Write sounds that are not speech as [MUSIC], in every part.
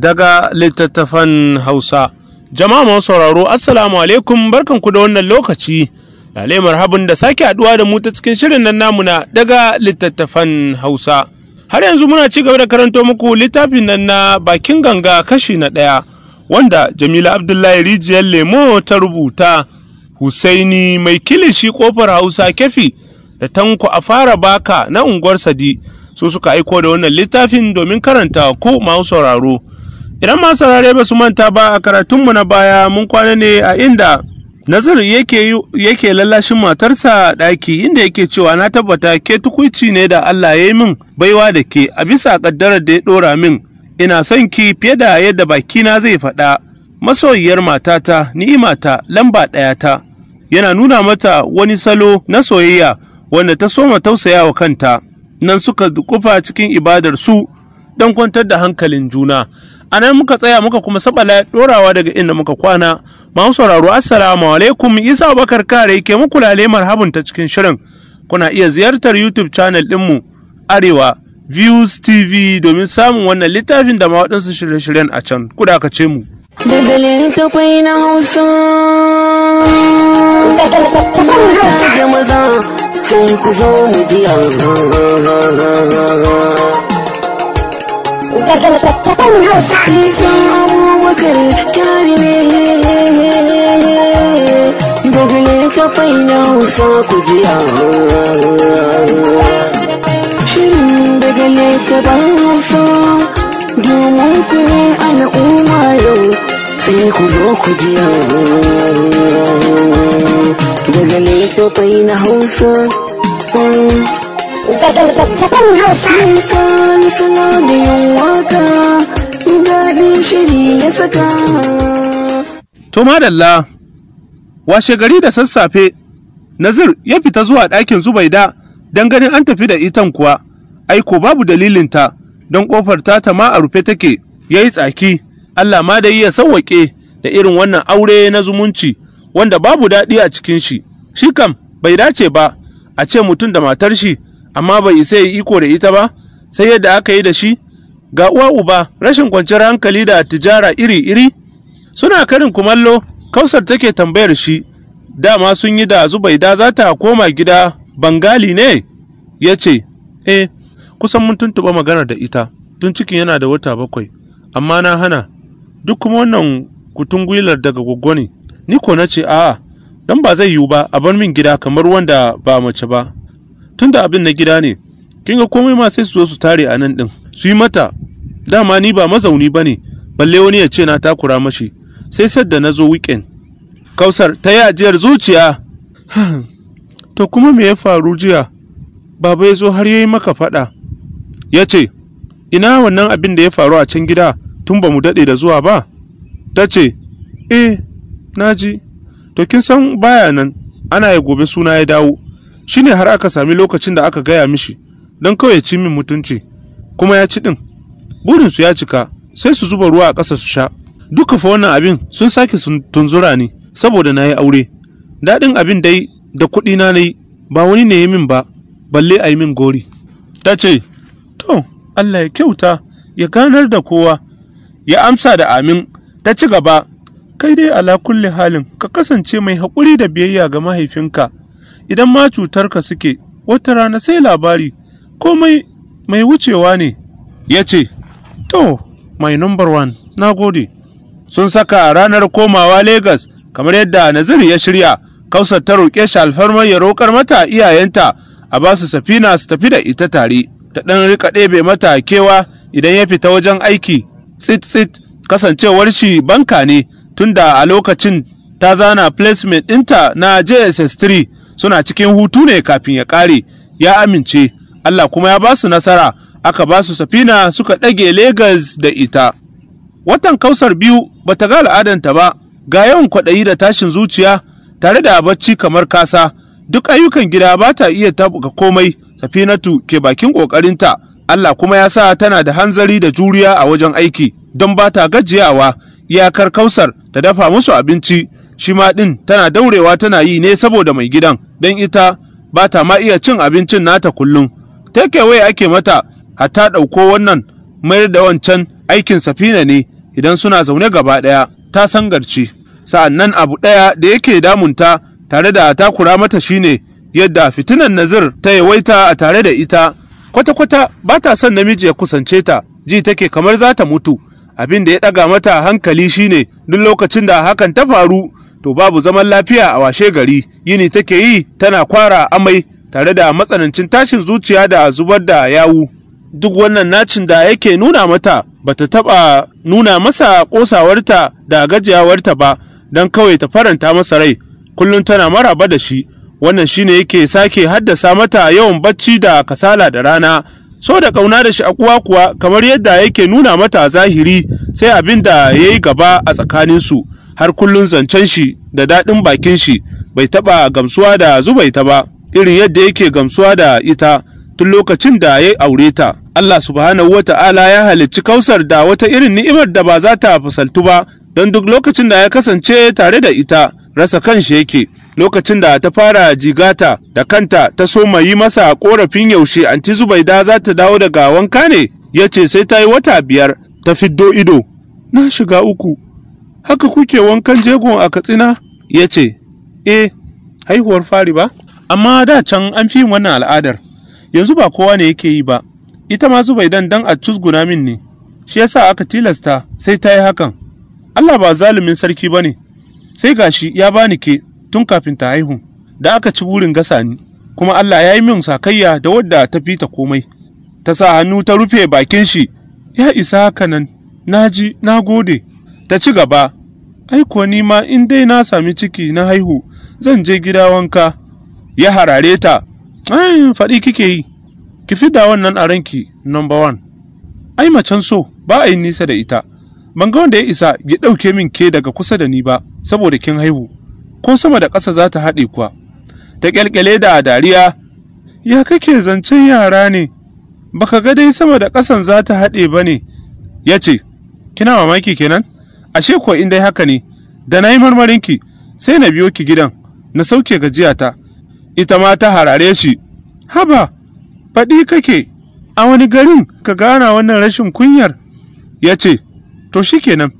daga littattafan Hausa. Jama'a masu sauraro, Assalamu alaikum barkanku da wannan lokaci. Lale marhabin da sake haɗuwa da mu ta cikin shirin nan namu na daga littattafan Hausa. Har yanzu muna ci gaba da karanto muku littafin nan na bakin ganga kashi na ɗaya, wanda Jamila Abdullahi Rijiyar Lemo ta rubuta Husaini mai kilishi kofar Hausa kefi da tanko a fara baka na unguwar Sadi. su suka aiko da wannan littafin domin karanta ku masu sauraro Idan masu saurare ba su manta ba a karatunmu na baya mun kwana ne a inda nazar yake yake lallashin matarsa ɗaki inda yake cewa na tabbata ke tukuici ne da Allah ya yi min baiwa da ke a bisa ƙaddarar da ya ɗora min ina son ki fiye da yadda bakina zai faɗa masoyiyar matata ni'imata lamba ɗaya ta. yana nuna mata wani salo na soyayya wanda ta soma tausaya wa kanta nan suka kufa cikin ibadar su don kwantar da hankalin juna a nan muka tsaya muka kuma sabala dorawa daga inda muka kwana masu sauraro assalamu alaikum isa Bakar kare ke muku lale marhabin ta cikin shirin kuna iya ziyartar youtube channel mu, arewa views tv domin samun wannan littafin da ma shirye-shiryen a can ku dakace mu daga kwai na hausa da maza sai ku zo mu daga littattafan hausa. na hausa ku ji daga ne gaban hausa al'umma yau sai ku zo daga ne na hausa. To madalla, washe gari da sassafe, Nazir ya fita zuwa ɗakin Zubaida don ganin an tafi da itan kuwa, aiko babu dalilinta don ƙofar ta ma a rufe take yayi tsaki, Allah ma dai ya sauwake da irin wannan aure na zumunci wanda babu daɗi a cikin shi, shi kam bai dace ba a ce mutum da matar shi amma bai isa ya iko da ita ba sai yadda aka yi da shi ga uwa uba rashin kwanciyar hankali da tijara iri-iri suna karin kumallo kausar take tambayar shi dama sun yi da zubaida za ta koma gida bangali ne ya ce E, kusan mun tuntuɓa magana da ita tun cikin yana da wata bakwai amma na hana duk kuma wannan kutungwilar daga gwaggwani ni ko na ce a'a don ba zai yiwu ba a bar min gida kamar wanda ba mace ba tunda abin na gida ne kin ga komai ma sai su zo su tare a nan din su yi mata dama ni ba mazauni ba ne balle wani ya ce na takura mashi sai sadda na zo weekend kausar ta yi ajiyar zuciya [SIGHS] to kuma me ya faru jiya baba ya zo har ya yi maka faɗa ya ce ina wannan abin da ya faru a can gida tun ba mu daɗe da zuwa ba ta ce eh na to kin san baya nan ana ya gobe suna ya dawo shine har aka sami lokacin da aka gaya mishi don kawai ya ci min mutunci kuma ya ci din burinsu ya cika sai su zuba ruwa a ƙasa su sha duka fa wannan abin sun sake sun tunzura ni saboda na yi aure daɗin abin dai da kuɗi na yi ba wani ne ya min ba balle a min gori ta ce to allah ya kyauta ya ganar da kowa ya amsa da amin ta ci gaba kai dai ala kulli halin ka kasance mai haƙuri da biyayya ga mahaifinka idan ma cutarka suke wata rana sai labari komai mai wucewa ne ya ce to mai number one na gode sun saka ranar komawa Legas kamar yadda Nazir ya shirya kausar ta roƙe shi alfarmar ya roƙar mata iyayenta a ba su safina su tafi da ita tare ta ɗan rika ɗebe mata kewa idan ya fita wajen aiki tsit tsit kasancewar shi banka ne tunda a lokacin ta zana placement ɗinta na jss suna cikin hutu ne kafin ya ƙare ya amince Allah kuma ya basu nasara aka basu safina suka ɗage Legas da ita watan kausar biyu bata ga ta ba ga yawan kwaɗayi da tashin zuciya tare da bacci kamar kasa duk ayyukan gida ba ta iya tabuka komai safinatu ke bakin ƙoƙarinta Allah kuma ya sa tana da hanzari da juriya a wajen aiki don ba ta gajiyawa iyakar kausar ta dafa musu abinci shi ma ɗin tana daurewa tana yi ne saboda mai gidan don ita ba ta ma iya cin abincin nata kullum takeaway ake mata hatta ɗauko wannan mayar da wancan aikin safina ne idan suna zaune gaba ɗaya ta sangarci sa'an nan abu ɗaya da yake damunta tare da takura mata shine yadda fitinan nazir ta yawaita a tare da ita kwata-kwata ba ta son namiji ya kusance ta ji take kamar za ta mutu abin da ya ɗaga mata hankali shine duk lokacin da hakan ta faru to babu zaman lafiya a washe gari yini take yi tana kwara amai tare da matsanancin tashin zuciya da zubar da yawu duk wannan nacin da yake nuna mata bata taba nuna masa kosawarta da gajiyawarta ba don kawai ta faranta masa rai kullum tana maraba da shi wannan shine yake sake haddasa mata yawan bacci da kasala da rana so da kauna da shi a kuwa kuwa kamar yadda yake nuna mata zahiri sai abin da ya yi gaba a tsakaninsu har kullun zancen shi da daɗin bakin shi bai taɓa gamsuwa da zubaita ba irin yadda yake gamsuwa da ita tun lokacin da ya aure ta Allah subhanahu wata'ala ya halicci kausar da wata irin ni'imar da ba za ta fasaltu ba don duk lokacin da ya kasance tare da ita rasa kanshi yake lokacin da ta fara jigata da kanta ta so ma yi masa korafin yaushe anti zubaida za ta dawo daga wanka ne ya ce sai ta yi wata biyar ta fiddo ido na shiga uku haka kuke wankan jegon a katsina ya ce eh haihuwar fari ba amma da can an fi wannan al'adar yanzu ba kowa ne yake yi ba ita ma zubai dan dan a cusguna min ne shi yasa aka tilasta sai ta yi hakan Allah ba zalumin sarki ba ne sai gashi ya bani ke tun kafin ta haihu da aka ci burin gasa ni kuma Allah ya yi min sakayya da wadda ta fi ta komai ta sa hannu ta rufe bakin shi ya isa haka nan Na ji na gode ta ci gaba ai kuwa ni ma in dai na sami ciki na haihu zan je gida wanka ya harare ta ai faɗi kike yi ki fi da wannan a ranki number one ai macen so ba a yi nisa da ita ban ga wanda ya isa ya ɗauke min ke daga kusa da ni ba saboda kin haihu ko sama da ƙasa za ta haɗe kuwa ta ƙyalƙyale da dariya ya kake zancen yara ne baka ga dai sama da ƙasan za ta haɗe ba ne ya ce kina mamaki kenan ashe ko in dai haka ne da na yi ki, sai na biyo ki gidan na sauke gajiya ta. ita ma ta harare shi haba faɗi kake a wani garin ka gana wannan rashin kunyar ya ce to shikenan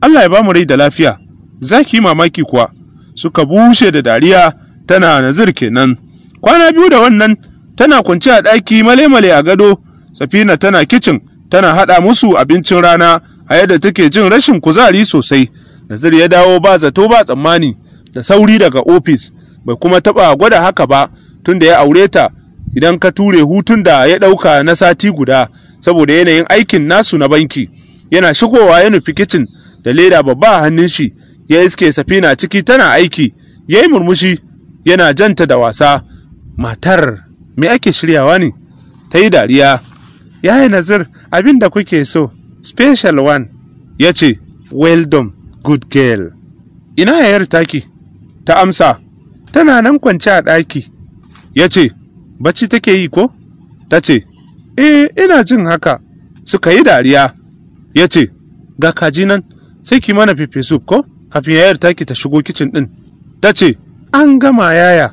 allah ya ba mu rai da lafiya za ki yi mamaki kuwa suka bushe da dariya tana nazir kenan kwana biyu da wannan tana kwanci a ɗaki male-male a gado safina tana kicin tana haɗa musu abincin rana a yadda take jin rashin kuzari sosai nazir ya dawo ba zato ba tsammani da sauri daga ofis bai kuma taɓa gwada haka ba tunda ya aure ta idan ka ture hutun da ya ɗauka na sati guda saboda yanayin aikin nasu na banki yana shigowa ya nufi kicin da leda babba a hannun shi ya iske safina ciki tana aiki ya yi murmushi yana janta da wasa matar me ake shiryawa ne ta yi dariya ya yi nazir abin da kuke so special one ya ce well done good girl ina yayar taki ta amsa tana nan kwance a ɗaki ya ce bacci take yi ko ta ce e ina jin haka suka yi dariya ya ce ga kaji nan sai ki mana fefe soup ko kafin yayar taki ta shigo kicin ɗin ta ce an gama yaya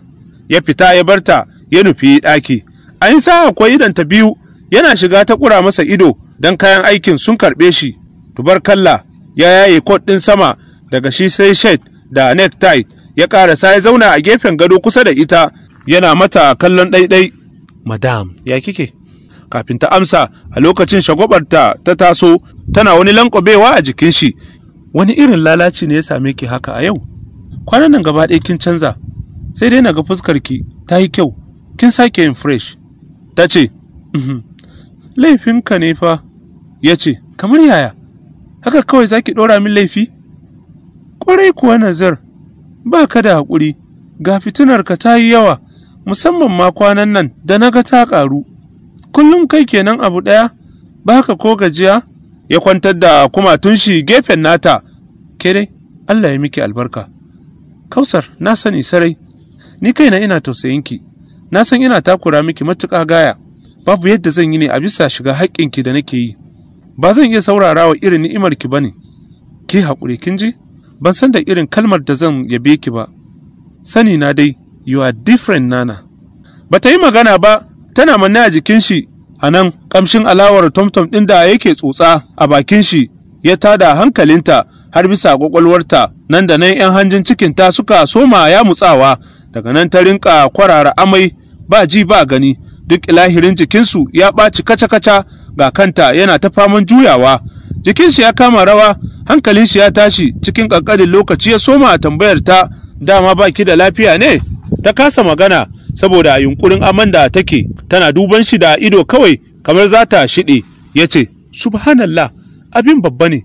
ya fita ya barta ya nufi ɗaki an sa akwai ta biyu yana shiga ta kura masa ido don kayan aikin sun karɓe shi kalla ya yaye kot ɗin sama daga shi sai shet da necktie ya ƙarasa ya zauna a gefen gado kusa da ita yana mata kallon ɗaiɗai madam ya kike kafin ta amsa a lokacin shagobarta ta taso tana wani lankwabewa a jikin shi wani irin lalaci ne ya same ki haka a yau kwanan nan gaba ɗaya kin canza sai dai naga ga fuskar ki ta yi kyau kin sake yin fresh ta ce uhm, laifinka ne fa ya ce, Kamar yaya, haka kawai za ki ɗora min laifi? Ƙwarai kuwa nazar, ba ka da haƙuri, ga fitinarka ta yi yawa, musamman ma kwanan nan da na ga ta ƙaru. Kullum kai kenan abu ɗaya, ba ka ko gajiya? Ya kwantar da kumatun shi gefen nata, ke dai, Allah ya miki albarka. Kausar, na sani sarai, ni kaina ina tausayinki, na san ina takura miki matuƙa gaya, babu yadda zan yi ne a bisa shiga haƙƙinki da nake yi. ba zan iya saurara wa irin ni'imar ki bane Ke haƙuri kin ji ban san da irin kalmar da zan yabe ki ba sani na dai you are different nana ta yi magana ba tana manne a jikin shi a nan ƙamshin alawar tomtom ɗin da yake tsotsa a bakin shi ya tada hankalinta har bisa ƙwaƙwalwarta. nan da nan 'yan hanjin cikin ta suka soma ya mutsawa daga nan ta rinka kwarara amai ba ji ba gani duk ilahirin jikinsu ya ɓaci kaca-kaca ga kanta yana ta faman juyawa Jikin shi ya kama rawa hankalin shi ya tashi cikin ƙanƙanin lokaci ya soma a tambayar ta dama baki da lafiya ne ta kasa magana saboda yunkurin aman da take tana duban shi da ido kawai kamar za ta shiɗe ya ce subhanallah abin babba ne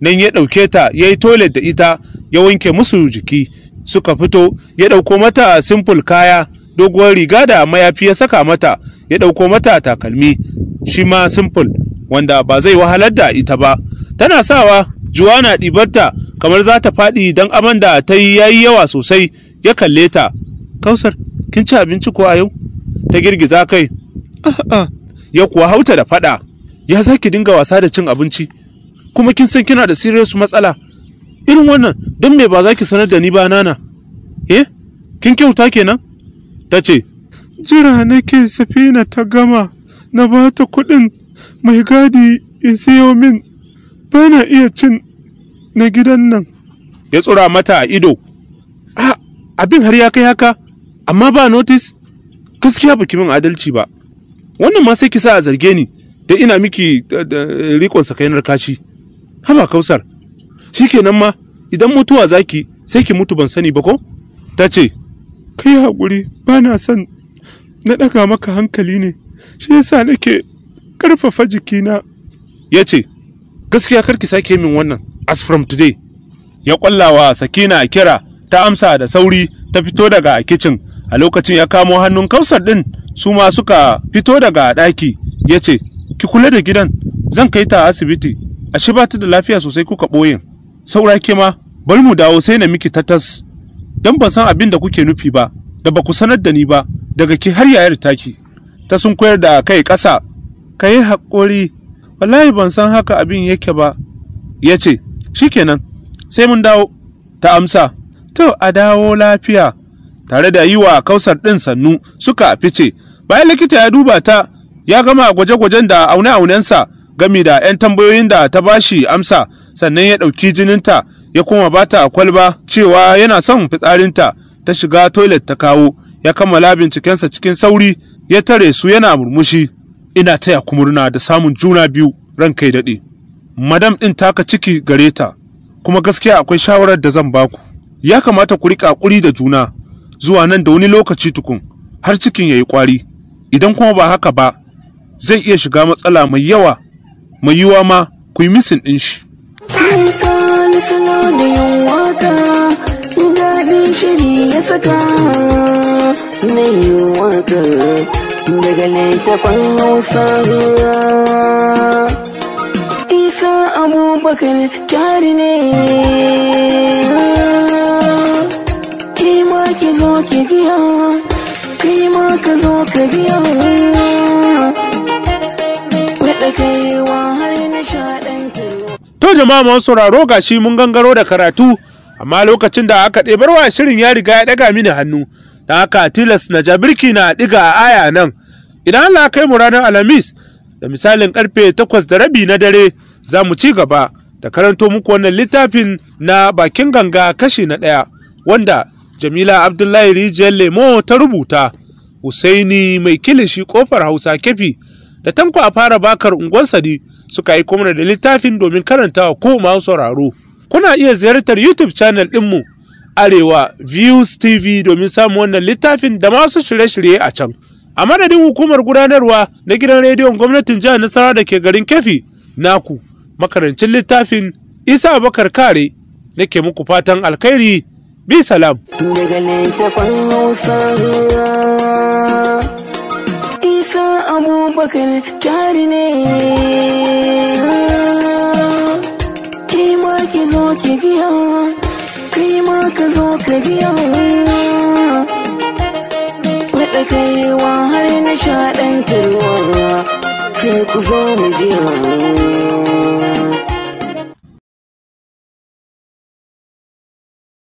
nan ya ɗauke ta ya yi toilet da ita ya wanke musu jiki suka fito ya ɗauko mata simple kaya doguwar riga da mayafi ya saka mata ya ɗauko mata takalmi shi ma simple wanda ba zai wahalar da ita ba tana sawa juwana na ɗibarta kamar za ta faɗi don aman da ta yi yayi yawa sosai ya kalle ta kausar kin ci abinci ko a yau ta girgiza kai ya kuwa hauta da faɗa ya za ki dinga wasa da cin abinci kuma kin san kina da serious matsala irin wannan don me ba za ki sanar da ni ba nana eh kin kyauta kenan ta ce jira nake safina ta gama na ba ta kuɗin mai gadi in siyo min bana iya cin na gidan nan ya tsura mata a ido a abin har ya kai haka amma ba notis gaskiya baki min adalci ba wannan ma sai ki sa a zarge ni da ina miki rikon sakainar kashi haba kausar Shi nan ma idan mutuwa zaki sai ki mutu ban sani ba ko ta ce kai hakuri ba na son na ɗaga maka hankali ne shi yasa nake ƙarfafa jikina ya ce gaskiya karki sake min wannan as from today ya ƙwallawa sakina kira ta amsa da sauri ta fito daga kicin a lokacin ya kamo hannun kausar ɗin su ma suka fito daga ɗaki ya ce ki kula da gidan zan kai ta asibiti shi ba ta da lafiya sosai kuka ɓoyin saura ke ma bari mu dawo sai na miki tatas don ban san abin da kuke nufi ba da ba ku sanar da ni ba daga ki har yayar taki ta sun koyar da kai ƙasa ka yi haƙuri wallahi ban san haka abin yake ba ya ce shikenan sai mun dawo ta amsa to a dawo lafiya tare da yi wa kausar ɗin sannu suka fice bayan likita ya duba ta ya gama gwaje-gwajen da aune-aunensa gami da 'yan tambayoyin da ta bashi amsa sannan ya ɗauki jininta ya kuma bata a kwalba cewa yana son fitsarinta ta shiga toilet ta kawo ya kammala bincikensa cikin sauri ya tare su yana murmushi ina taya ku murna da samun juna biyu ran kai daɗe madam ɗin taka ciki gare ta kuma gaskiya akwai shawarar da zan baku ya kamata ku riƙa ƙuri da juna zuwa nan da wani lokaci tukun har cikin ya yi ƙwari idan kuma ba haka ba zai iya shiga matsala mai yawa mai yiwuwa ma ku yi misin ɗin shi wani salo da yin waka daɗin shiri ya saka na yi waka daga laifafan hausa isa abubakar kyari ne kima ki zo ki biya kima ka zo ka biya jama'a sauraro sauraro shi mun gangaro da karatu amma lokacin da aka ɗebar wa shirin ya riga ya ɗaga mini hannu don haka tilas na jabirki na ɗiga a aya nan idan Allah kai mu ranar alhamis da misalin karfe takwas da rabi na dare za mu ci gaba da karanto muku wannan littafin na bakin ganga kashi na ɗaya wanda jamila abdullahi rijiyar lemo ta rubuta husaini mai kilishi kofar hausa kefi da tanko a fara bakar unguwar sadi suka yi kuma da littafin domin karantawa ko masu sauraro. Kuna iya ziyartar YouTube channel ɗinmu Arewa Views TV domin samun wannan littafin da masu shirye-shirye a can. A madadin hukumar gudanarwa na gidan rediyon gwamnatin jihar Nasarawa da ke garin Kefi, naku makarancin littafin Isa Bakar Kare nake muku fatan alkhairi bi salam. Daga ka abubakar kyari ne kima ki zo ki biya kima ka zo ka biya faɗa kaiwa har nishaɗantarwa sai ku zo mu jiya